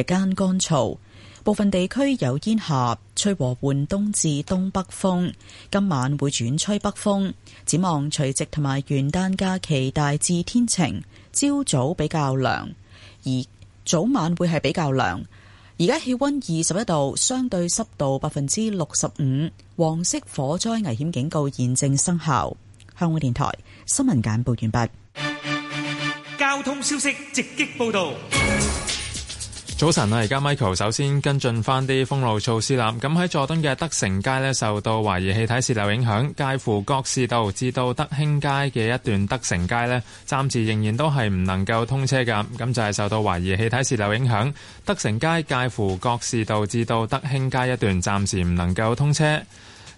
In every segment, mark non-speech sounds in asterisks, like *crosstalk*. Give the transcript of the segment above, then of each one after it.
日間乾燥，部分地區有煙霞，吹和緩東至東北風。今晚會轉吹北風，展望除夕同埋元旦假期大致天晴，朝早比較涼，而早晚會係比較涼。而家氣温二十一度，相對濕度百分之六十五，黃色火災危險警告現正生效。香港電台新聞簡報完畢。交通消息直擊報道。早晨啊！而家 Michael 首先跟進翻啲封路措施啦。咁喺佐敦嘅德成街呢，受到懷疑氣體洩漏影響，介乎各市道至到德興街嘅一段德成街呢，暫時仍然都係唔能夠通車噶。咁就係受到懷疑氣體洩漏影響，德成街介乎各市道至到德興街一段暫時唔能夠通車。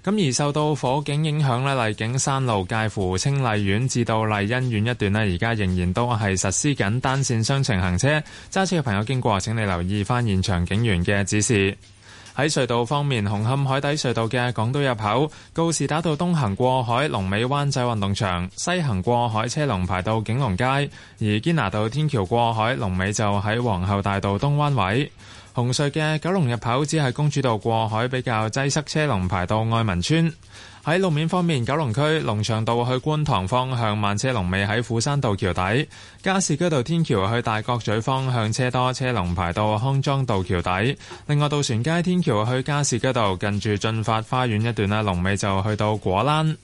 咁而受到火警影響呢，麗景山路介乎清麗苑至到麗欣苑一段呢，而家仍然都係實施緊單線雙程行車，揸車嘅朋友經過請你留意翻現場警員嘅指示。喺隧道方面，紅磡海底隧道嘅港島入口告士打道東行過海，龍尾灣仔運動場；西行過海車龍排到景隆街，而堅拿道天橋過海龍尾就喺皇后大道東灣位。紅隧嘅九龍入口只係公主道過海比較擠塞，車龍排到愛民村。喺路面方面，九龍區龍翔道去觀塘方向慢車龍尾喺斧山道橋底；加士居道天橋去大角咀方向車多，車龍排到康莊道橋底。另外，渡船街天橋去加士居道近住駿發花園一段啦，龍尾就去到果欄。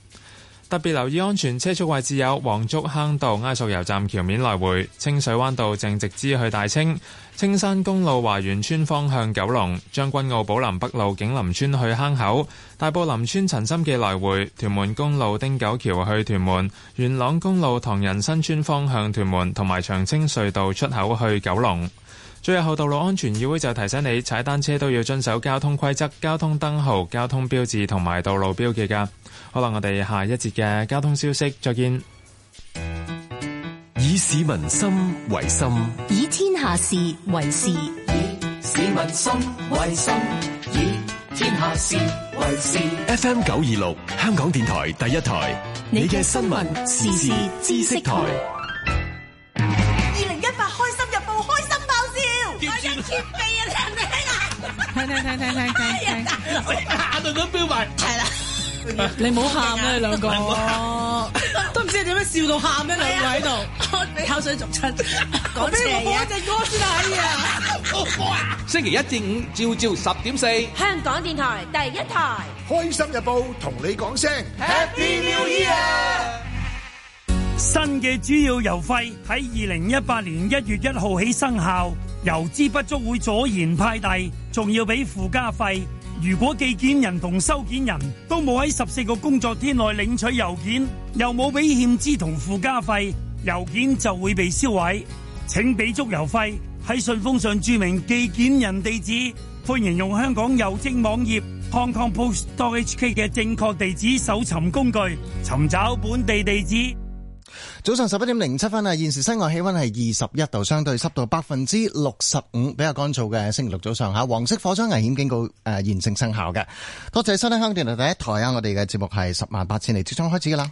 特別留意安全車速位置有黃竹坑道埃索油站橋面來回、清水灣道正直支去大清、青山公路華園村方向九龍、將軍澳寶林北路景林村去坑口、大埔林村陳心記來回、屯門公路汀九橋去屯門、元朗公路唐人新村方向屯門同埋長青隧道出口去九龍。最後，道路安全議會就提醒你，踩單車都要遵守交通規則、交通燈號、交通標誌同埋道路標記㗎。好啦，我哋下一節嘅交通消息再見。以市民心為心，以天下事為事。以市民心為心，以天下事為事。FM 九二六，香港電台第一台，你嘅新聞時事知識台。聽聽聽聽聽聽，眼度都標埋，係啦，你唔好喊啦，你兩個，都唔知你點樣笑到喊，一兩個喺度，口水逐出，我俾我播隻歌先可以啊。星期一至五，朝朝十點四，香港電台第一台，開心日報同你講聲 Happy New Year，新嘅主要郵費喺二零一八年一月一號起生效。郵資不足會阻延派遞，仲要俾附加費。如果寄件人同收件人都冇喺十四個工作天內領取郵件，又冇俾欠資同附加費，郵件就會被銷毀。請俾足郵費，喺信封上註明寄件人地址。歡迎用香港郵政網頁 Hong Kong Post.hk 嘅正確地址搜尋工具尋找本地地址。早上十一點零七分啊！現時室外氣溫係二十一度，相對濕度百分之六十五，比較乾燥嘅星期六早上吓，黃色火災危險警告誒、呃，現正生效嘅。多謝收聽香港電台第一台啊！我哋嘅節目係十萬八千里即將開始噶啦。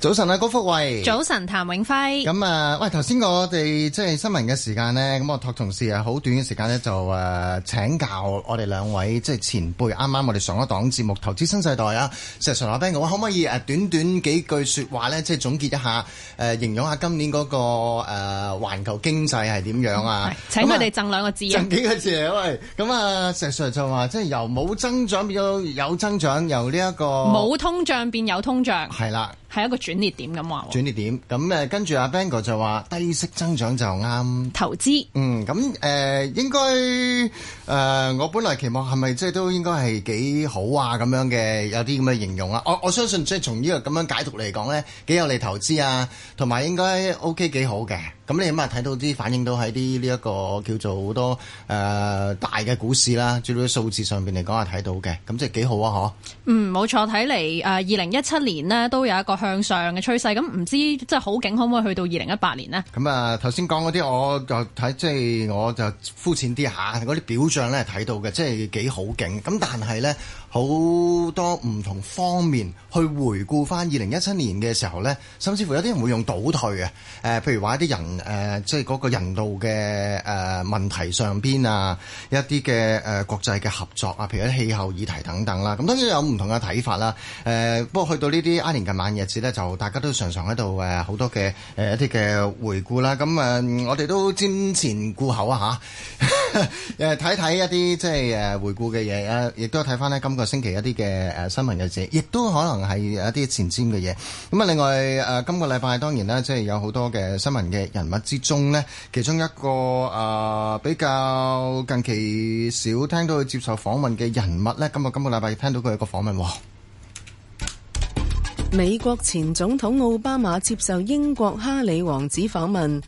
早晨啊，高福慧。早晨，譚永輝。咁啊，喂，頭先我哋即係新聞嘅時間呢，咁我託同事啊，好短嘅時間呢，就誒請教我哋兩位即係前輩。啱啱我哋上一檔節目《投資新世代》啊，石 Sir 話俾我，可唔可以誒短短幾句說話呢？即係總結一下誒，形容下今年嗰個誒環球經濟係點樣啊？請佢哋贈兩個字。贈幾個字啊， *laughs* 喂！咁啊，石 Sir 就話即係由冇增長變咗有增長，由呢、這、一個冇通脹變有通脹。係啦。係一個轉捩點咁話，轉捩點咁誒，跟住阿 Bang 哥就話低息增長就啱投資資。嗯，咁誒、呃，應該誒、呃，我本來期望係咪即係都應該係幾好啊咁樣嘅，有啲咁嘅形容啊。我我相信即係從呢個咁樣解讀嚟講咧，幾有利投資啊，同埋應該 O K 幾好嘅。咁你起碼睇到啲反映到喺啲呢一個叫做好多誒、呃、大嘅股市啦，最多數字上邊嚟講係睇到嘅，咁即係幾好啊！嗬，嗯，冇錯，睇嚟誒，二零一七年呢，都有一個向上嘅趨勢，咁唔知即係好景可唔可以去到二零一八年呢？咁啊，頭先講嗰啲，我就睇即係我就膚淺啲吓，嗰啲表象咧睇到嘅，即係幾好景，咁但係咧。好多唔同方面去回顧翻二零一七年嘅時候咧，甚至乎有啲人會用倒退啊，誒、呃、譬如話一啲人誒即係嗰個人道嘅誒、呃、問題上邊啊，一啲嘅誒國際嘅合作啊，譬如氣候議題等等啦，咁、啊、當然有唔同嘅睇法啦。誒、啊、不過去到呢啲阿年近晚日子咧，就大家都常常喺度誒好多嘅誒、呃、一啲嘅回顧啦。咁、啊、誒，我哋都瞻前顧後啊吓誒睇睇一啲即係誒回顧嘅嘢啊，亦都睇翻咧今個星期一啲嘅誒新聞嘅事，亦都可能係一啲前瞻嘅嘢，咁啊，另外誒、呃，今個禮拜當然啦，即係有好多嘅新聞嘅人物之中呢，其中一個誒、呃、比較近期少聽到佢接受訪問嘅人物呢。今日今個禮拜聽到佢有個訪問喎。美國前總統奧巴馬接受英國哈里王子訪問。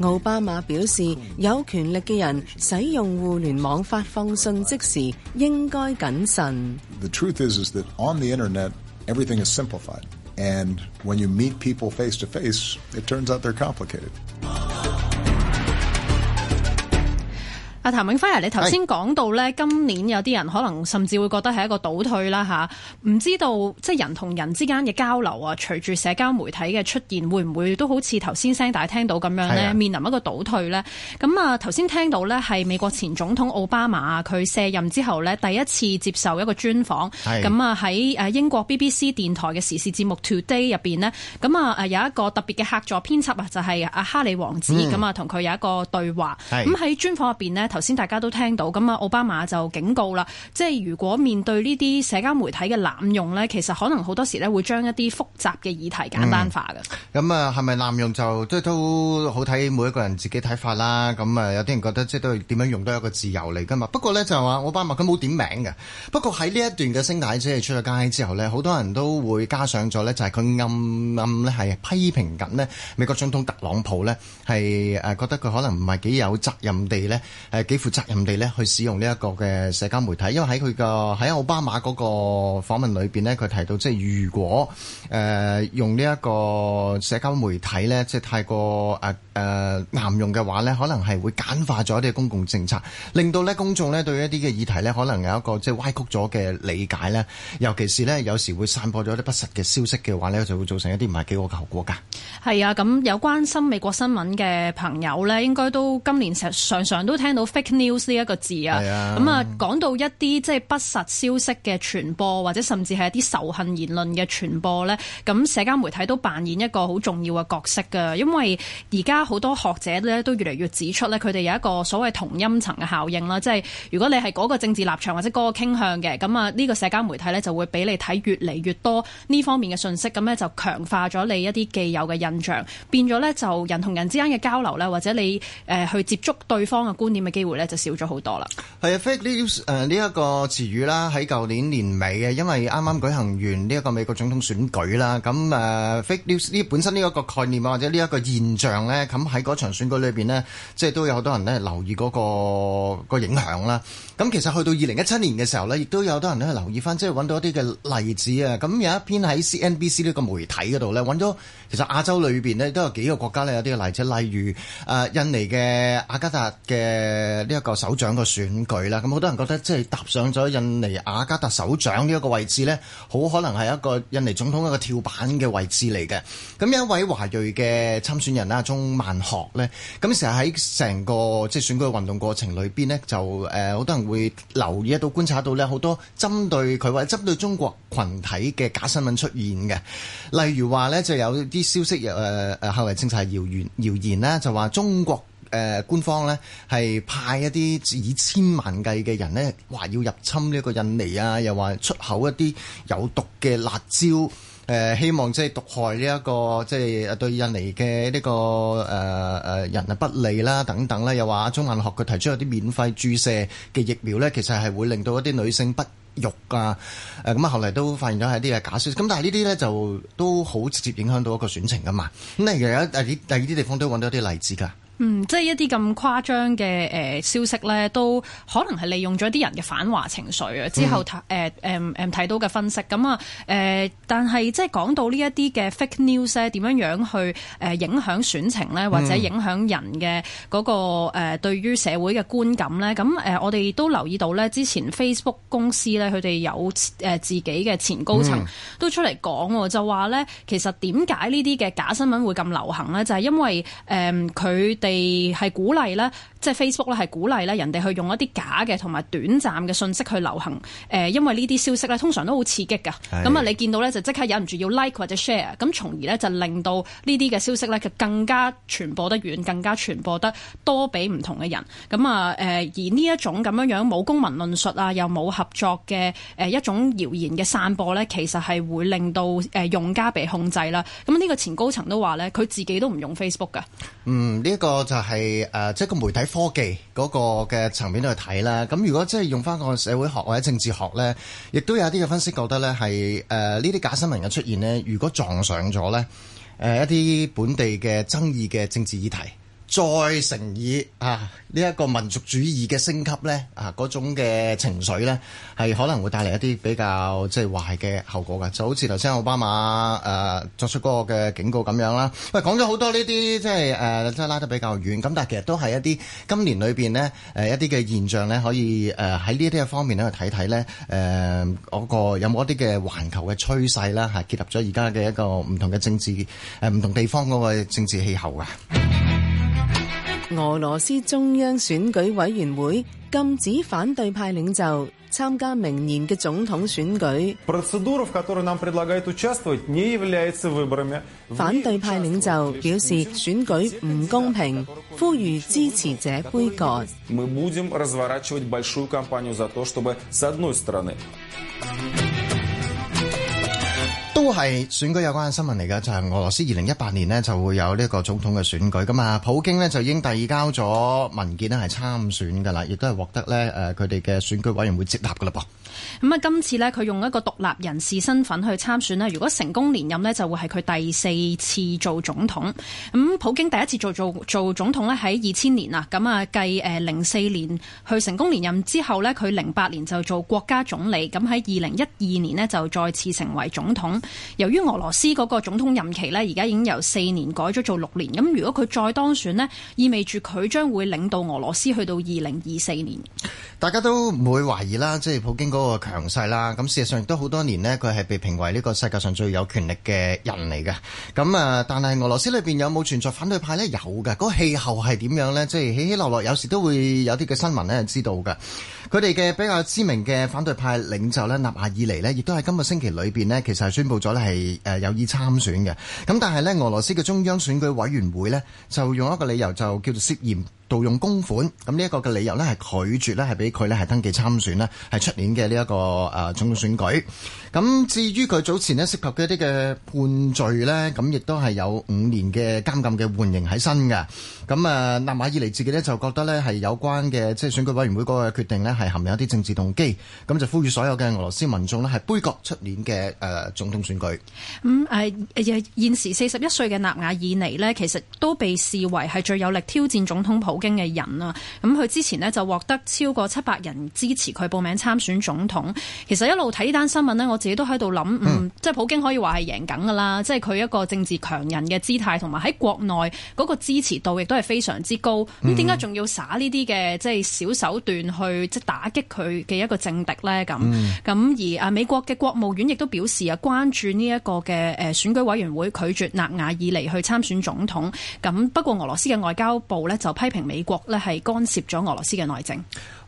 奧巴馬表示，有權力嘅人使用互聯網發放訊息時，應該謹慎。譚永輝，啊，你頭先講到咧，今年有啲人可能甚至會覺得係一個倒退啦嚇，唔知道即係人同人之間嘅交流啊，隨住社交媒體嘅出現，會唔會都好似頭先聲大聽到咁樣咧，面臨一個倒退咧？咁是啊，頭先聽到咧係美國前總統奧巴馬佢卸任之後咧，第一次接受一個專訪，咁是啊喺誒英國 BBC 電台嘅時事節目 Today 入面呢，咁啊有一個特別嘅客座編輯啊，就係、是、阿哈里王子咁啊，同佢、嗯、有一個對話，咁喺是、啊、專訪入面呢。頭先大家都聽到咁啊，奧巴馬就警告啦，即係如果面對呢啲社交媒體嘅濫用呢，其實可能好多時呢會將一啲複雜嘅議題簡單化嘅。咁啊、嗯，係咪濫用就即係都好睇每一個人自己睇法啦。咁啊，有啲人覺得即係都點樣用都係一個自由嚟噶嘛。不過呢，就係話奧巴馬佢冇點名嘅。不過喺呢一段嘅聲帶，即係出咗街之後呢，好多人都會加上咗呢，就係佢暗暗咧係批評緊呢美國總統特朗普呢，係誒覺得佢可能唔係幾有責任地呢。誒。幾負責任地咧去使用呢一個嘅社交媒體，因為喺佢嘅喺奧巴馬嗰個訪問裏邊，佢提到即係如果誒、呃、用呢一個社交媒體呢，即係太過誒誒濫用嘅話呢，可能係會簡化咗啲公共政策，令到呢公眾呢對一啲嘅議題呢，可能有一個即係歪曲咗嘅理解呢。尤其是呢，有時會散播咗啲不實嘅消息嘅話呢，就會造成一啲唔係幾好嘅後果㗎。係啊，咁有關心美國新聞嘅朋友呢，應該都今年常常都聽到，Fake news 呢一個字是啊，咁啊講到一啲即係不實消息嘅傳播，或者甚至係一啲仇恨言論嘅傳播咧，咁社交媒體都扮演一個好重要嘅角色嘅，因為而家好多學者咧都越嚟越指出咧，佢哋有一個所謂同音層嘅效應啦，即係如果你係嗰個政治立場或者嗰個傾向嘅，咁啊呢個社交媒體咧就會俾你睇越嚟越多呢方面嘅信息，咁咧就強化咗你一啲既有嘅印象，變咗咧就人同人之間嘅交流咧，或者你誒去接觸對方嘅觀念嘅。機會咧就少咗好多啦。係啊，fake news 誒呢一個詞語啦，喺舊年年尾嘅，因為啱啱舉行完呢一個美國總統選舉啦，咁誒 fake news 呢本身呢一個概念啊，或者呢一個現象咧，咁喺嗰場選舉裏邊咧，即係都有好多人咧留意嗰個個影響啦。咁其實去到二零一七年嘅時候咧，亦都有好多人咧留意翻，即係揾到一啲嘅例子啊。咁有一篇喺 CNBC 呢個媒體嗰度咧，揾咗其實亞洲裏邊呢都有幾個國家呢，有啲嘅例子，例如誒印尼嘅雅加達嘅。誒呢一個首長嘅選舉啦，咁好多人覺得即係踏上咗印尼雅加達首長呢一個位置呢，好可能係一個印尼總統一個跳板嘅位置嚟嘅。咁有一位華裔嘅參選人啦，鍾萬學呢，咁成日喺成個即係選舉運動過程裏邊呢，就誒好多人會留意一到觀察到呢好多針對佢或者針對中國群體嘅假新聞出現嘅，例如話呢，就有啲消息誒誒後嚟證實係謠言謠言呢就話中國。誒、呃、官方咧係派一啲以千萬計嘅人呢，話要入侵呢個印尼啊，又話出口一啲有毒嘅辣椒，呃、希望即係毒害呢、這、一個即係、就是、對印尼嘅呢、這個誒、呃、人啊不利啦，等等啦，又話中印學佢提出一啲免費注射嘅疫苗呢，其實係會令到一啲女性不育啊。咁、呃、啊，後嚟都發現咗係一啲假消息。咁但係呢啲呢，就都好直接影響到一個選情噶嘛。咁啊，又有第二第二啲地方都搵到一啲例子㗎。嗯，即係一啲咁誇張嘅誒消息咧，都可能係利用咗啲人嘅反華情緒啊。之後睇誒誒誒睇到嘅分析，咁啊誒，但係即係講到呢一啲嘅 fake news 咧，點樣樣去誒影響選情咧，或者影響人嘅嗰個誒對於社會嘅觀感咧？咁、呃、誒我哋都留意到咧，之前 Facebook 公司咧，佢哋有誒自己嘅前高層都出嚟講，就話咧，其實點解呢啲嘅假新聞會咁流行咧？就係、是、因為誒佢哋。呃係鼓勵咧，即係 Facebook 咧，係鼓勵咧人哋去用一啲假嘅同埋短暫嘅信息去流行。誒，因為呢啲消息咧通常都好刺激噶。咁啊是，你見到咧就即刻忍唔住要 like 或者 share，咁從而咧就令到呢啲嘅消息咧佢更加傳播得遠，更加傳播得多俾唔同嘅人。咁啊，誒而呢一種咁樣樣冇公民論述啊，又冇合作嘅誒一種謠言嘅散播咧，其實係會令到誒用家被控制啦。咁呢個前高層都話咧，佢自己都唔用 Facebook 噶。嗯，呢個。我就係誒，即係個媒體科技嗰個嘅層面去睇啦。咁如果即係用返個社會學或者政治學咧，亦都有啲嘅分析覺得咧，係誒呢啲假新聞嘅出現咧，如果撞上咗咧誒一啲本地嘅爭議嘅政治議題。再乘以啊呢一個民族主義嘅升級咧，啊嗰種嘅情緒咧，係可能會帶嚟一啲比較即係壞嘅後果㗎。就好似頭先奧巴馬誒、呃、作出嗰個嘅警告咁樣啦。喂，講咗好多呢啲即係誒即係拉得比較遠，咁但其實都係一啲今年裏邊咧、呃、一啲嘅現象咧，可以誒喺呢啲嘅方面咧去睇睇咧誒嗰個有冇一啲嘅環球嘅趨勢啦，係結合咗而家嘅一個唔同嘅政治誒唔同地方嗰個政治氣候啊。俄羅斯中央選舉委員會禁止反對派領袖參加明年嘅總統選舉。反對派領袖表示選舉唔公平，呼籲支持者杯葛。都係選舉有關嘅新聞嚟噶，就係、是、俄羅斯二零一八年呢，就會有呢個總統嘅選舉咁啊，普京呢，就已經遞交咗文件呢係參選噶啦，亦都係獲得呢，誒，佢哋嘅選舉委員會接納噶啦噃。咁啊，今次呢，佢用一個獨立人士身份去參選咧，如果成功連任呢，就會係佢第四次做總統。咁普京第一次做做做總統咧喺二千年啊，咁啊，計，誒，零四年去成功連任之後呢，佢零八年就做國家總理，咁喺二零一二年呢，就再次成為總統。由於俄羅斯嗰個總統任期呢，而家已經由四年改咗做六年。咁如果佢再當選呢，意味住佢將會領導俄羅斯去到二零二四年。大家都唔會懷疑啦，即係普京嗰個強勢啦。咁事實上亦都好多年呢，佢係被評為呢個世界上最有權力嘅人嚟嘅。咁啊，但係俄羅斯裏邊有冇存在反對派呢？有嘅，嗰個氣候係點樣呢？即係起起落落，有時都會有啲嘅新聞呢知道嘅。佢哋嘅比較知名嘅反對派領袖呢，納亞爾尼呢，亦都係今個星期裏邊呢，其實係宣布咗。我咧係誒有意參選嘅，咁但係咧，俄羅斯嘅中央選舉委員會咧就用一個理由，就叫做涉嫌盜用公款，咁呢一個嘅理由呢，係拒絕呢，係俾佢呢，係登記參選呢，係出年嘅呢一個誒總統選舉。咁至於佢早前呢，涉及嘅一啲嘅判罪呢，咁亦都係有五年嘅監禁嘅緩刑喺身嘅。咁啊，納瓦爾尼自己呢，就覺得呢，係有關嘅即係選舉委員會嗰個決定呢，係含有啲政治動機，咁就呼籲所有嘅俄羅斯民眾呢，係杯葛出年嘅誒總統選舉。咁誒、嗯呃呃、現時四十一歲嘅納瓦爾尼呢，其實都被視為係最有力挑戰總統普普京嘅人啊，咁佢之前咧就獲得超過七百人支持佢報名參選總統。其實一路睇呢單新聞咧，我自己都喺度諗，嗯，即係普京可以話係贏緊噶啦，嗯、即係佢一個政治強人嘅姿態，同埋喺國內嗰個支持度亦都係非常之高。咁點解仲要耍呢啲嘅即係小手段去即係打擊佢嘅一個政敵咧？咁咁、嗯、而啊美國嘅國務院亦都表示啊關注呢一個嘅誒選舉委員會拒絕納瓦爾尼去參選總統。咁不過俄羅斯嘅外交部咧就批評。美國呢，係干涉咗俄羅斯嘅內政。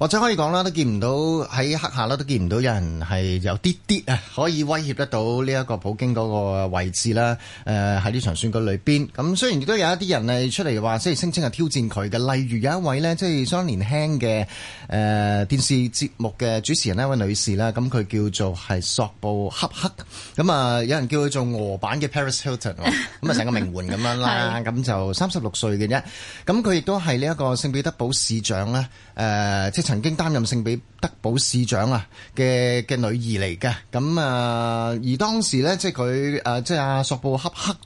或者可以講啦，都見唔到喺黑下啦，都見唔到有人係有啲啲啊，可以威脅得到呢一個普京嗰個位置啦。誒喺呢場選舉裏邊咁，雖然亦都有一啲人係出嚟話，即係聲稱係挑戰佢嘅。例如有一位呢，即係相當年輕嘅誒電視節目嘅主持人呢一位女士啦，咁佢叫做係索布恰克咁啊。有人叫佢做俄版嘅 Paris Hilton，咁啊， *laughs* 成個名媛咁樣啦。咁 *laughs* 就三十六歲嘅啫，咁佢亦都係呢一個聖彼得堡市長啦。誒即係曾經擔任聖彼得堡市長啊嘅嘅女兒嚟嘅，咁、呃、啊而當時咧即係佢、呃、即係、啊、阿索布恰克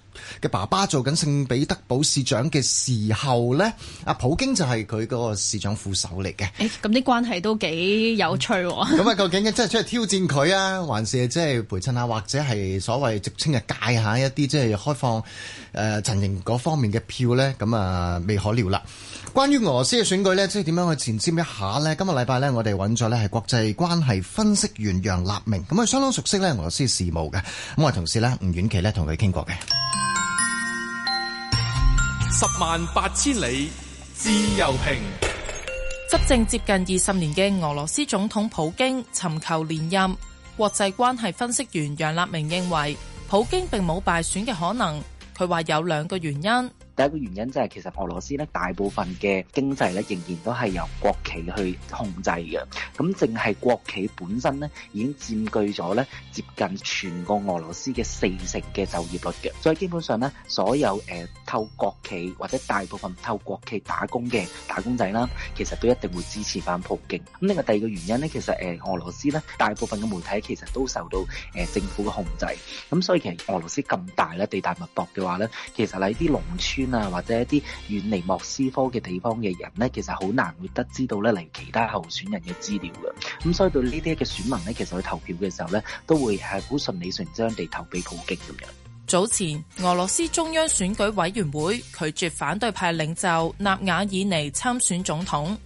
嘅爸爸做緊聖彼得堡市長嘅時候咧，阿、啊、普京就係佢嗰個市長副手嚟嘅。誒咁啲關係都幾有趣喎。咁啊，嗯、究竟即係出嚟挑戰佢啊， *laughs* 還是即係陪襯下、啊，或者係所謂直稱日界下一啲即係開放誒陣營嗰方面嘅票咧？咁啊，未可料啦。關於俄羅斯嘅選舉呢，即係點樣去前瞻一下呢？今日禮拜呢，我哋搵咗呢係國際關係分析員楊立明，咁啊相當熟悉呢俄羅斯事務嘅。咁我同事呢吳遠琪，呢同佢傾過嘅。十萬八千里自由平，執政接近二十年嘅俄羅斯總統普京尋求連任。國際關係分析員楊立明認為，普京並冇敗選嘅可能。佢話有兩個原因。第一個原因就係、是、其實俄羅斯咧，大部分嘅經濟咧仍然都係由國企去控制嘅，咁淨係國企本身咧已經佔據咗咧接近全個俄羅斯嘅四成嘅就業率嘅，所以基本上咧所有誒透國企或者大部分透國企打工嘅打工仔啦，其實都一定會支持翻普京。咁另外第二個原因咧，其實誒俄羅斯咧大部分嘅媒體其實都受到誒政府嘅控制，咁所以其實俄羅斯咁大咧地大物博嘅話咧，其實喺啲農村。啊，或者一啲遠離莫斯科嘅地方嘅人呢，其實好難會得知到咧嚟其他候選人嘅資料嘅，咁所以到呢啲嘅選民呢，其實去投票嘅時候呢，都會係好順理成章地投俾普京咁樣。早前，俄羅斯中央選舉委員會拒絕反對派領袖納瓦爾尼參選總統。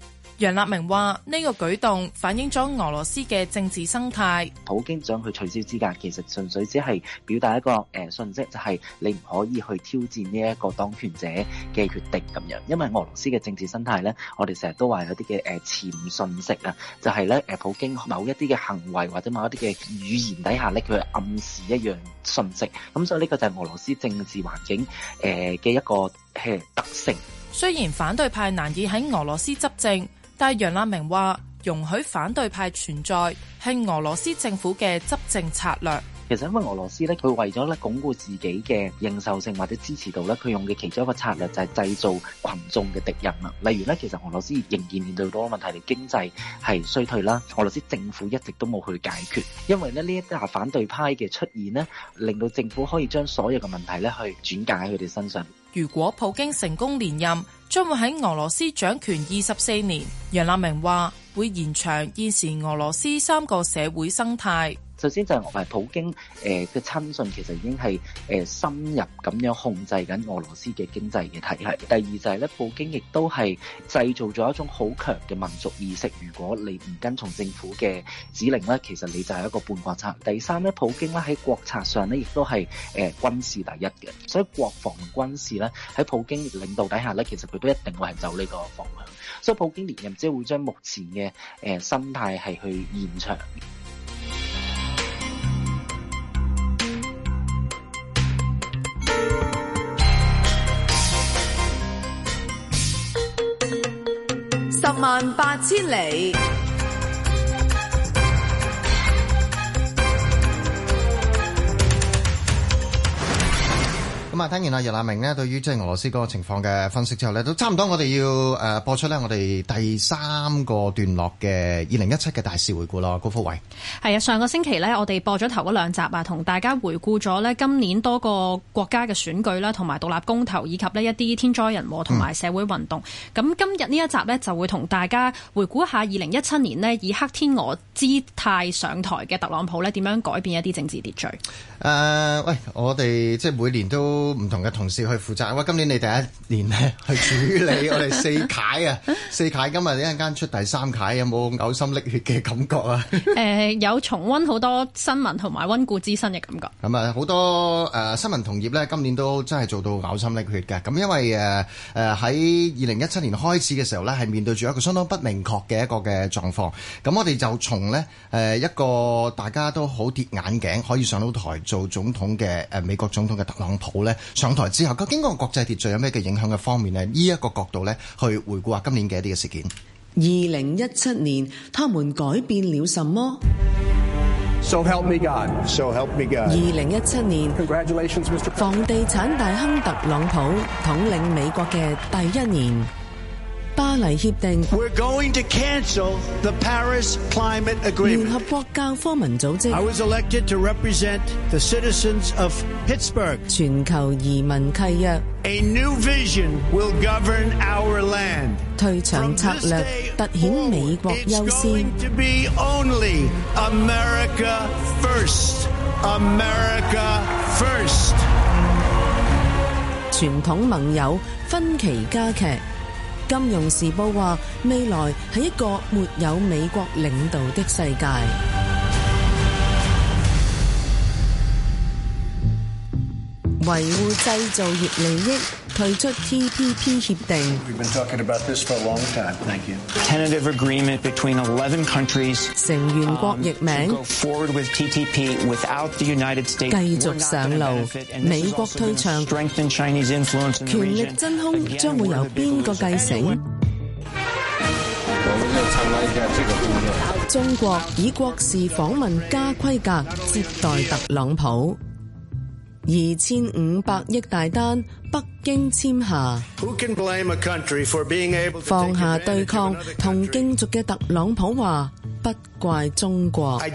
楊立明話：呢個舉動反映咗俄羅斯嘅政治生態。普京將佢取消資格，其實純粹只係表達一個誒訊息，就係你唔可以去挑戰呢一個當權者嘅決定咁樣。因為俄羅斯嘅政治生態呢，我哋成日都話有啲嘅誒潛訊息啊，就係咧誒普京某一啲嘅行為或者某一啲嘅語言底下咧，佢暗示一樣信息。咁所以呢個就係俄羅斯政治環境誒嘅一個誒特性。雖然反對派難以喺俄羅斯執政。但楊立明話，容許反對派存在係俄羅斯政府嘅執政策略。其實因為俄羅斯咧，佢為咗咧鞏固自己嘅認受性或者支持度咧，佢用嘅其中一個策略就係製造群眾嘅敵人啦。例如咧，其實俄羅斯仍然面對多問題，嚟經濟係衰退啦。俄羅斯政府一直都冇去解決，因為呢，呢一啲反對派嘅出現呢，令到政府可以將所有嘅問題咧去轉嫁喺佢哋身上。如果普京成功連任，將會喺俄羅斯掌權二十四年，楊立明話會延長現時俄羅斯三個社會生態。首先就係我係普京誒嘅親信，其實已經係深入咁樣控制緊俄羅斯嘅經濟嘅體系。第二就係咧，普京亦都係製造咗一種好強嘅民族意識。如果你唔跟從政府嘅指令咧，其實你就係一個叛國賊。第三咧，普京咧喺國策上咧，亦都係誒軍事第一嘅，所以國防軍事咧喺普京領導底下咧，其實佢都一定會係走呢個方向。所以普京連任即係會將目前嘅誒心態係去延長。萬八千里。咁啊，聽完阿葉立明呢對於即係俄羅斯嗰個情況嘅分析之後呢，都差唔多，我哋要誒播出呢，我哋第三個段落嘅二零一七嘅大事回顧咯，高福偉。係啊，上個星期呢，我哋播咗頭嗰兩集啊，同大家回顧咗呢今年多個國家嘅選舉啦，同埋獨立公投，以及呢一啲天災人禍同埋社會運動。咁、嗯、今日呢一集呢，就會同大家回顧一下二零一七年呢以黑天鵝姿態上台嘅特朗普呢點樣改變一啲政治秩序。誒、呃，喂，我哋即係每年都～都唔同嘅同事去負責，哇！今年你第一年呢， *laughs* 去處理我哋四屆啊， *laughs* 四屆今日一陣間出第三屆，有冇嘔心瀝血嘅感覺啊？誒、 *laughs* 呃，有重温好多新聞同埋温故知新嘅感覺。咁啊、嗯，好多誒、呃、新聞同業咧，今年都真係做到嘔心瀝血嘅。咁因為誒誒喺二零一七年開始嘅時候咧，係面對住一個相當不明確嘅一個嘅狀況。咁我哋就從呢誒、呃、一個大家都好跌眼鏡，可以上到台做總統嘅誒、呃、美國總統嘅特朗普咧。上台之後，究竟個國際秩序有咩嘅影響嘅方面呢？呢一個角度咧，去回顧下今年嘅一啲嘅事件。二零一七年，他們改變了什麼？So help me God, so help me 二零一七年，Congratulations, Mr. 房地產大亨特朗普統領美國嘅第一年。巴黎協定，聯合國教科文組織，全球移民契約，退場策略突顯美國優先，傳統盟友分歧加劇。《金融時報》話：未來係一個沒有美國領導的世界。維護製造業利益，退出 TPP 協定。成員國易名，繼續上路。美國退場，權力真空將會由邊個繼承？中國以國事訪問加規格接待特朗普。二千五百億大單北京簽下，放下對抗同驚俗嘅特朗普話不怪中國。印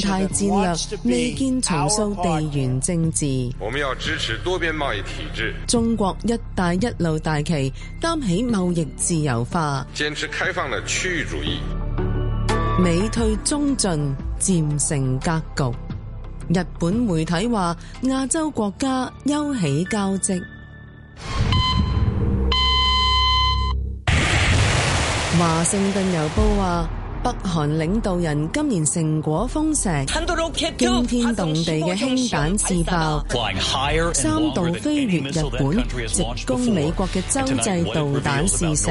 太戰略未見重塑地緣政治。中國一帶一路大旗擔起貿易自由化，堅持開放的區域主義。美退中進。」戰成格局，日本媒體話亞洲國家休起交積。華盛頓郵報話北韓領導人今年成果豐碩，驚天動地嘅氫彈試爆，三度飛越日本，直攻美國嘅洲際導彈發射。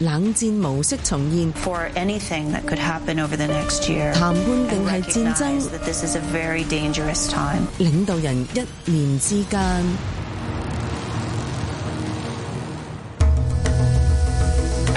冷戰模式重現，談判定係戰爭，this is a very dangerous time. 領導人一年之間。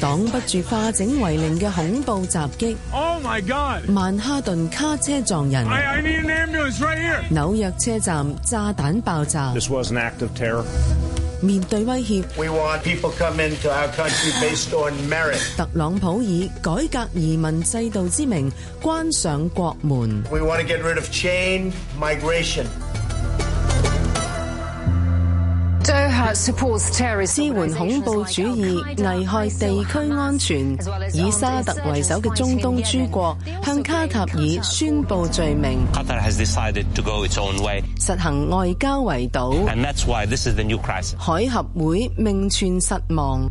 擋不住化整為零嘅恐怖襲擊。Oh my God. 曼哈頓卡車撞人，right. 紐約車站炸彈爆炸。面對威脅，特朗普以改革移民制度之名關上國門。We want to get rid of chain 支援恐怖主義、危害地區安全，以沙特為首嘅中東諸國向卡塔爾宣佈罪罪名，實行外交圍堵，海合會名存實亡。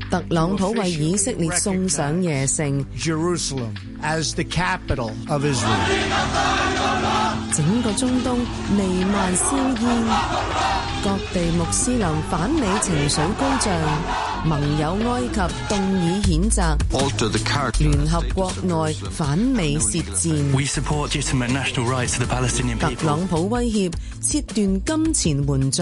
特朗普為以色列送上耶城，整個中東瀰漫硝煙，各地穆斯林反美情緒高漲，盟友埃及動議譴責，聯合國內反美舌戰，特朗普威脅切斷金錢援助。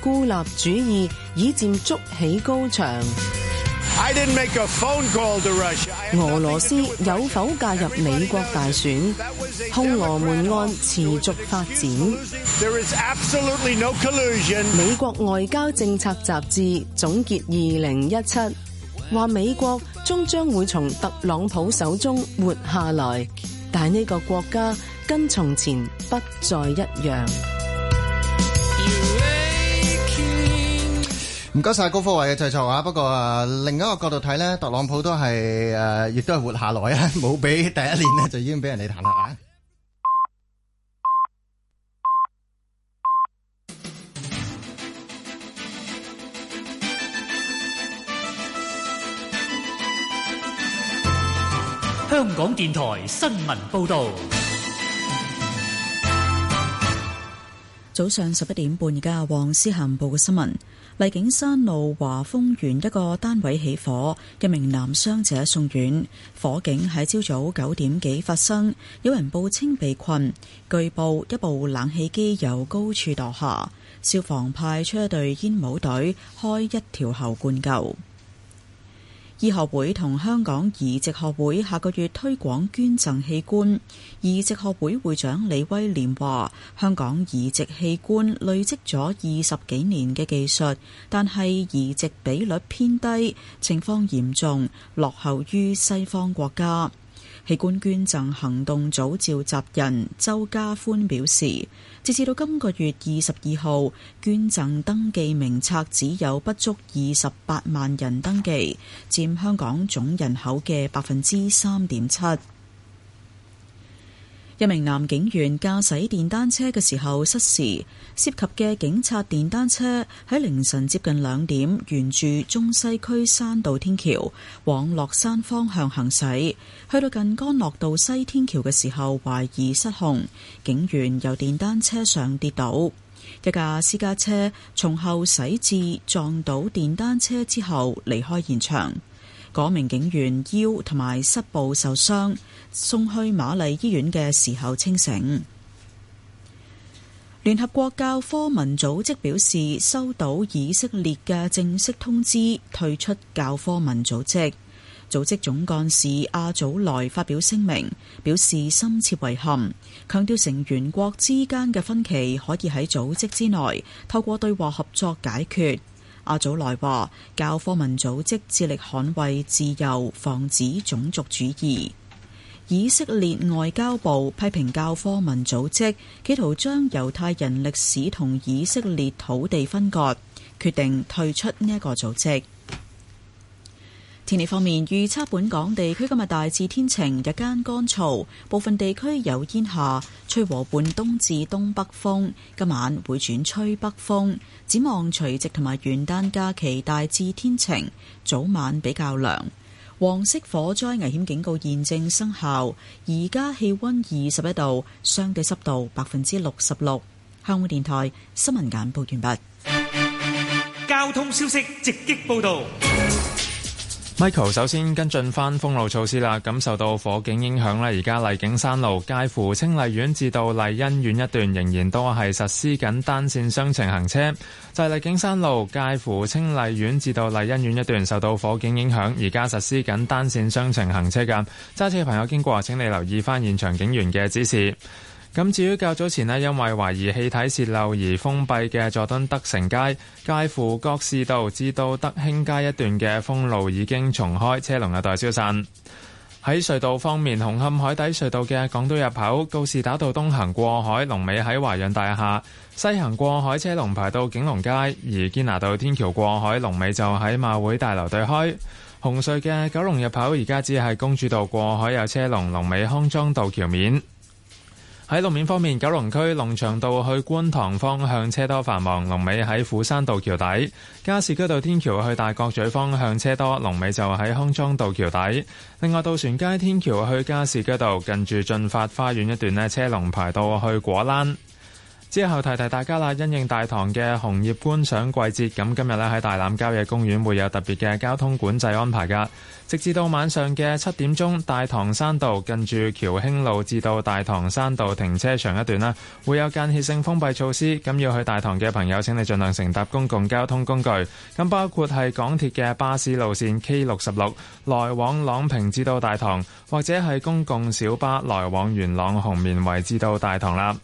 孤立主義已漸築起高牆。俄羅斯有否介入美國大選？通俄門案持續發展。美國外交政策雜誌總結二零一七，話美國終將會從特朗普手中活下來，但呢個國家跟從前不再一樣。唔該晒高科偉嘅製作啊！不過啊，另一個角度睇呢，特朗普都係誒，亦都係活下來啦，冇俾第一年呢，就已經俾人哋彈劾啊！香港電台新聞報道，早上十一點半，而家黃思涵報嘅新聞。荔景山路華豐園一個單位起火，一名男傷者送院。火警喺朝早九點幾發生，有人報稱被困，據報一部冷氣機由高處墮下，消防派出一隊煙帽隊開一條喉灌救。醫學會同香港移植學會下個月推廣捐贈器官。移植學會會長李威廉話，香港移植器官累積咗二十幾年嘅技術，但係移植比率偏低，情況嚴重，落後於西方國家。器官捐贈行動組召集人周家歡表示，截至到今個月二十二號，捐贈登記名冊只有不足二十八萬人登記，佔香港總人口嘅百分之三點七。一名男警員駕駛電單車嘅時候失事，涉及嘅警察電單車喺凌晨接近兩點，沿住中西區山道天橋往落山方向行駛，去到近干諾道西天橋嘅時候懷疑失控，警員由電單車上跌倒，一架私家車從後駛至撞到電單車之後離開現場。嗰名警員腰同埋膝部受傷，送去瑪麗醫院嘅時候清醒。聯合國教科文組織表示收到以色列嘅正式通知退出教科文組織，組織總幹事阿祖萊發表聲明，表示深切遺憾，強調成員國之間嘅分歧可以喺組織之內透過對話合作解決。阿祖萊話：教科文組織致力捍衛自由，防止種族主義。以色列外交部批評教科文組織企圖將猶太人歷史同以色列土地分割，決定退出呢一個組織。天氣方面，預測本港地區今日大致天晴，日間乾燥，部分地區有煙霞，吹和緩東至東北風。今晚會轉吹北風。展望除夕同埋元旦假期，大致天晴，早晚比較涼。黃色火災危險警告現正生效。而家氣温二十一度，相對濕度百分之六十六。香港電台新聞簡報完畢。交通消息直擊報道。Michael 首先跟進翻封路措施啦。咁受到火警影響咧，而家麗景山路介乎清麗苑至到麗欣苑一段仍然都係實施緊單線雙程行車。就係麗景山路介乎清麗苑至到麗欣苑一段受到火警影響，而家實施緊單線雙程行車嘅。揸車嘅朋友經過，請你留意翻現場警員嘅指示。咁至於較早前因為懷疑氣體泄漏而封閉嘅佐敦德成街、介乎覺士道至到德興街一段嘅封路已經重開，車龍有待消散。喺隧道方面，紅磡海底隧道嘅港島入口告士打道東行過海，龍尾喺華潤大廈；西行過海車龍排到景隆街，而堅拿道天橋過海龍尾就喺馬會大樓對開。紅隧嘅九龍入口而家只係公主道過海有車龍，龍尾康莊道橋面。喺路面方面，九龍區龍翔道去觀塘方向車多繁忙，龍尾喺斧山道橋底；加士居道天橋去大角咀方向車多，龍尾就喺康莊道橋底。另外，渡船街天橋去加士居道近住進發花園一段咧，車龍排到去果欄。之後提提大家啦，因應大棠嘅紅葉觀賞季節，咁今日咧喺大欖郊野公園會有特別嘅交通管制安排噶，直至到晚上嘅七點鐘，大棠山道近住僑興路至到大棠山道停車場一段啦，會有間歇性封閉措施。咁要去大棠嘅朋友，請你儘量乘搭公共交通工具，咁包括係港鐵嘅巴士路線 K 六十六來往朗屏至到大棠，或者係公共小巴來往元朗紅棉圍至到大棠啦。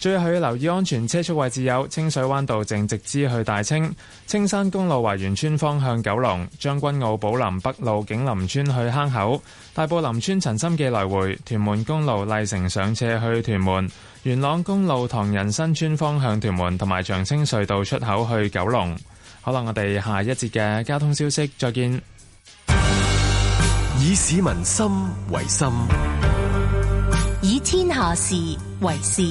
最後要留意安全車速位置，有清水灣道正直支去大清，清、青山公路華園村方向九龍、將軍澳寶林北路景林村去坑口、大埔林村陳心記來回、屯門公路麗城上斜去屯門、元朗公路唐人新村方向屯門同埋長青隧道出口去九龍。好啦，我哋下一節嘅交通消息再見。以市民心為心。以天下事為事。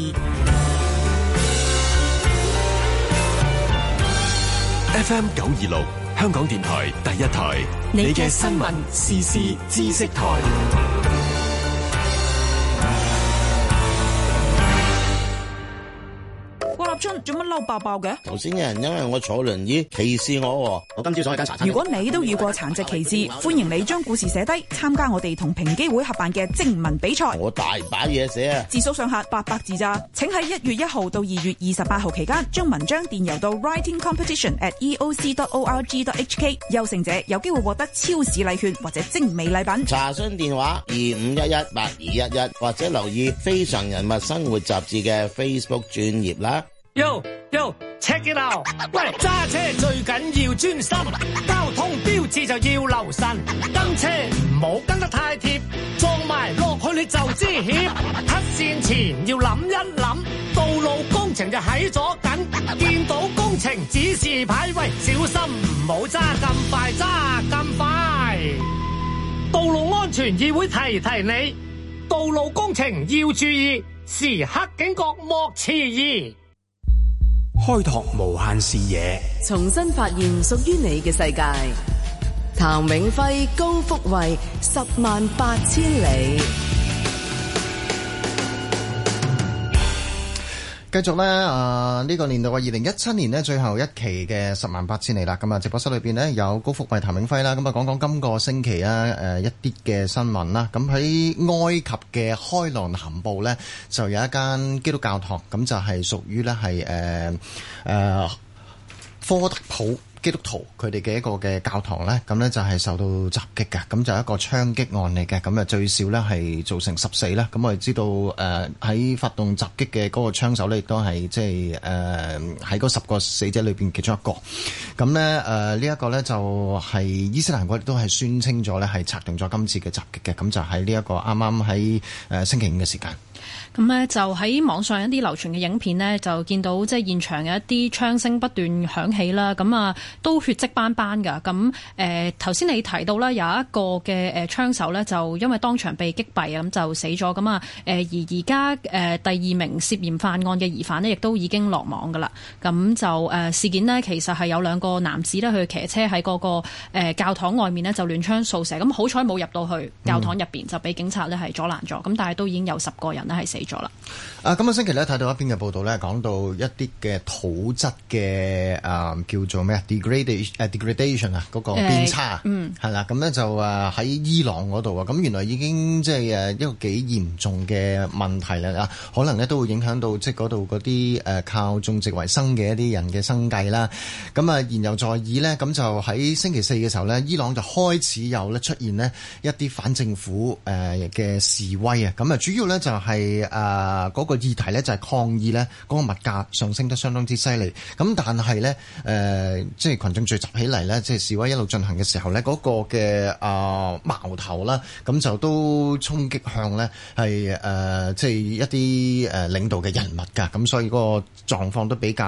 FM 九二六，香港電台第一台，你嘅新聞、新聞時事、知識台。做乜嬲爆爆嘅？頭先有人因為我坐輪椅歧視我，我今朝想去間茶餐廳。如果你都遇過殘疾歧視，歡迎你將故事寫低，參加我哋同平機會合辦嘅徵文比賽。我大把嘢寫啊，字數上下八百字咋？請喺一月一號到二月二十八號期間將文章電郵到 writingcompetition@eoc.org.hk a t。優勝者有機會獲得超市禮券或者精美禮品。查詢電話二五一一八二一一，11, 1, 或者留意《非常人物生活雜誌》嘅 Facebook 專頁啦。喲喲，check it out 喂，揸車最緊要專心，交通標誌就要留神，跟車唔好跟得太貼，撞埋落去你就知險。黑線前要諗一諗，道路工程就喺左近，見到工程指示牌喂，小心唔好揸咁快，揸咁快。道路安全議會提提你，道路工程要注意，時刻警覺莫遲疑。開拓無限視野，重新發現屬於你嘅世界。譚永輝、高福慧，十萬八千里。繼續呢，啊、呃、呢、這個年度啊，二零一七年呢，最後一期嘅十萬八千里啦，咁啊，直播室裏邊呢，有高福慧、譚永輝啦，咁啊，講講今個星期啊，誒、呃、一啲嘅新聞啦，咁喺埃及嘅開羅南部呢，就有一間基督教堂，咁就係屬於呢，係誒誒科特普。基督徒佢哋嘅一個嘅教堂咧，咁咧就係受到襲擊嘅，咁就係一個槍擊案嚟嘅。咁啊，最少咧係造成十四啦，咁我哋知道誒喺、呃、發動襲擊嘅嗰個槍手咧，亦都係即係誒喺嗰十個死者裏邊其中一個。咁咧誒呢一個咧就係、是、伊斯蘭國亦都係宣稱咗咧係策定咗今次嘅襲擊嘅。咁就喺呢一個啱啱喺誒星期五嘅時間。咁咧、嗯、就喺網上一啲流傳嘅影片咧，就見到即係現場嘅一啲槍聲不斷響起啦。咁啊，都血跡斑斑㗎。咁誒頭先你提到咧，有一個嘅誒槍手咧，就因為當場被擊斃，咁就死咗。咁啊誒而而家誒第二名涉嫌犯案嘅疑犯咧，亦都已經落網㗎啦。咁、嗯、就誒、呃、事件咧，其實係有兩個男子咧去騎車喺個誒教堂外面咧就亂槍掃射。咁好彩冇入到去教堂入邊，就俾警察咧係阻攔咗。咁、嗯、但係都已經有十個人咧係死咗。啦。啊，咁啊，星期咧睇到一篇嘅報道咧，講到一啲嘅土質嘅啊，叫做咩啊，degradation 啊，嗰、啊、個變差，嗯，係啦。咁咧就啊喺伊朗嗰度啊，咁原來已經即係誒一個幾嚴重嘅問題啦。可能咧都會影響到即係嗰度嗰啲誒靠種植為生嘅一啲人嘅生計啦。咁啊，然後再以呢，咁就喺星期四嘅時候呢，伊朗就開始有咧出現呢一啲反政府誒嘅示威啊。咁啊，主要咧就係、是啊！嗰、那個議題呢，就係抗議呢。嗰、那個物價上升得相當之犀利。咁但係呢，誒、呃，即、就、係、是、群眾聚集起嚟呢，即、就、係、是、示威一路進行嘅時候呢，嗰、那個嘅啊、呃、矛頭啦，咁就都衝擊向呢係誒，即、呃、係、就是、一啲誒領導嘅人物㗎。咁所以嗰個狀況都比較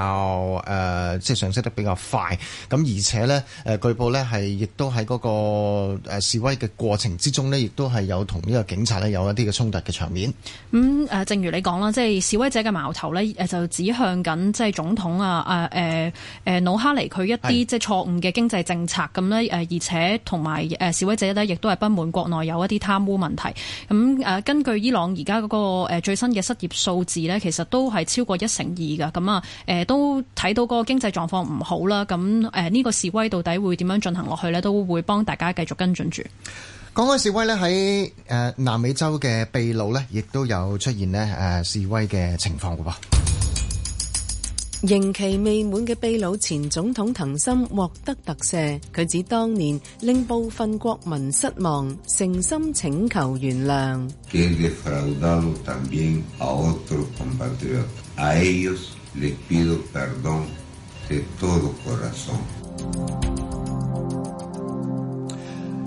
誒，即、呃、係、就是、上升得比較快。咁而且呢，誒、呃、據報呢，係亦都喺嗰、那個、啊、示威嘅過程之中呢，亦都係有同呢個警察呢，有一啲嘅衝突嘅場面。嗯。誒，正如你講啦，即係示威者嘅矛頭咧，誒就指向緊即係總統啊，誒誒誒努哈尼佢一啲即係錯誤嘅經濟政策咁咧，的誒而且同埋誒示威者咧，亦都係不滿國內有一啲貪污問題。咁誒，根據伊朗而家嗰個誒最新嘅失業數字咧，其實都係超過一成二㗎。咁啊，誒都睇到嗰個經濟狀況唔好啦。咁誒呢個示威到底會點樣進行落去咧？都會幫大家繼續跟進住。講開示威咧，喺誒南美洲嘅秘魯咧，亦都有出現咧誒示威嘅情況嘅噃。刑期未滿嘅秘魯前總統藤森獲得特赦，佢指當年令部分國民失望，誠心請求原諒。